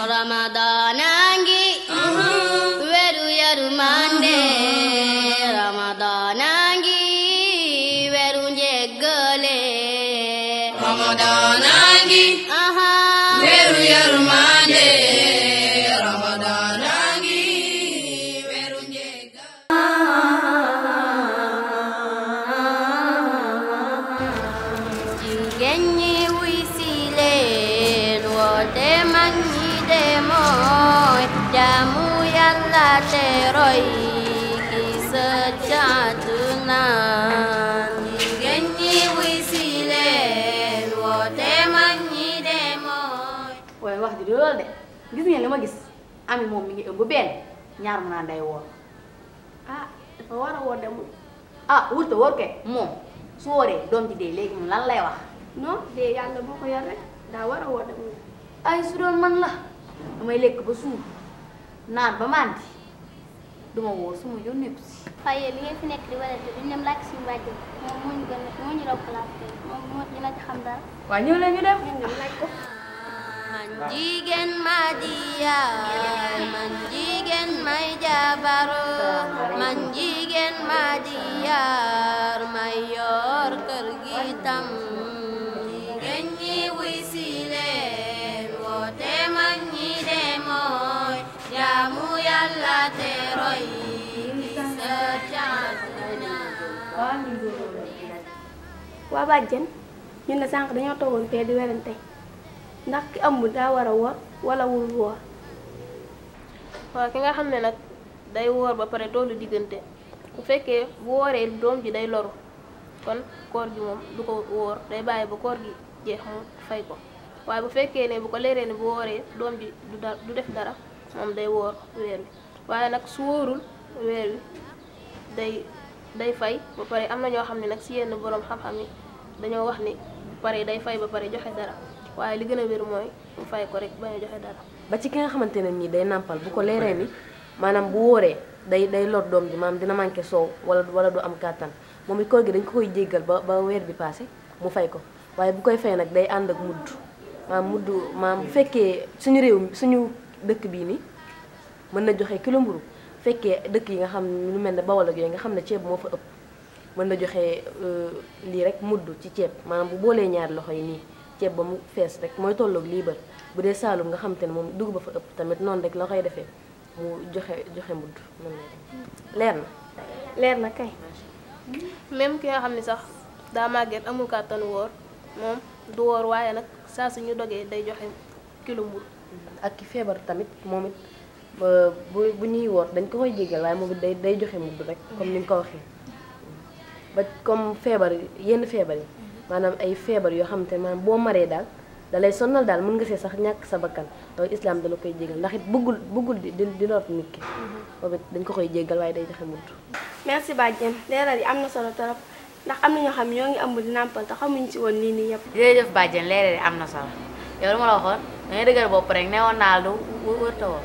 Ramadan a ngi weeru uh-huh. yërmande uh-huh. Ramadan a ngi weeru njëggale Ramadan a ngi weeru yërmande Ramadan a ngi weeru njëggale jigéen ñi wuy si leen woote mag ñi te jaamu yàlla te roy ki naan jigéen ñi wuy si leen woote mag ñi wax di lool de gis ngeen li gis ami moom mi ngi ëmb benn ñaar mu naan day woor ah dafa war a woor de wurta woor kay moom su wooree doom ji dee léegi mu lan lay wax non dee yàlla moo ko yar rek daa war a woor ay su doon man la damay lekk ba suur naan ba màndi duma woo suma yoon nekku si waaye li ngay fi nekk di warante duñ dem laaj suñu bàjj moom moo ñu gën a moo ñu raw place tey moom moo dina ci xam dara waaw ñëw leen ñu dem ñu dem laaj ko jigéen ma di yaay man jigéen may jabaro man jigéen ma di yaar may yor kër gi tam waa bàjjen ñu na sànq dañoo toogoon fee di werante ndax ki ëmb daa war a woor wala wul woor waaw ki nga xam ne nag day woor ba pare tollu diggante bu fekkee bu wooree doom ji day loru kon koor gi moom du ko woor day bàyyi ba koor gi jeex mu fay ko waaye bu fekkee ne bu ko leeree ne bu wooree doom ji du da du def dara moom day woor weer wi waaye nag su wóorul weer wi day day fay ba pare am na ñoo xam ne nag si yenn borom xam-xam yi dañoo wax ni pare day fay ba pare joxe dara waaye li gën a wér mooy mu fay ko rek bañ a joxe dara. ba ci ki nga xamante ne nii day nàmpal bu ko leeree ni maanaam bu wooree day day lor doom ji maam dina manqué soow wala wala du am kàttan moom it koor gi dañ ko koy jéggal ba ba weer bi passé mu fay ko waaye bu koy fay nag day ànd ak mudd maanaam mudd maam bu fekkee suñu réew suñu dëkk bii nii mën na joxe kilo fekkee dëkk yi nga xam lu mel ne Bawol ak yooyu nga xam ne ceeb moo fa ëpp mën na joxe euh, lii rek mudd ci ceeb maanaam bu boolee ñaari loxo yi nii ceeb ba mu fees rek mooy tolloog lii bër bu dee Saalum nga xam ne moom dugub ba fa ëpp tamit noonu rek la defee joxe joxe mudd noonu lay na. leer na ki nga xam ne sax daa màgget amul kàttan woor moom waaye nag saa su dogee day joxe kilo mm-hmm. feebar tamit moom it. bu bu ñuy woor dañ ko koy jégal waaye moom day day joxe mudd rek comme ni nga ko waxee ba comme feebar yenn feebar yi maanaam ay feebar yoo xam te maanaam boo maree daal dalay lay sonnal daal mën nga see sax ñàkk sa bakkan loolu islam dala koy jégal ndax it bëggul di di lor nit ki mm-hmm. dañ ko koy jégal day joxe mudd merci Badiane leeral yi am na solo trop ndax am na ñoo xam ñoo ngi ëmb di nàmpal te xamuñ si woon nii nii yëpp jërëjëf Badiane leeral yi am na solo yow lu ma la waxoon dangay dëgër bopp rek ne woon naa lu wërta woon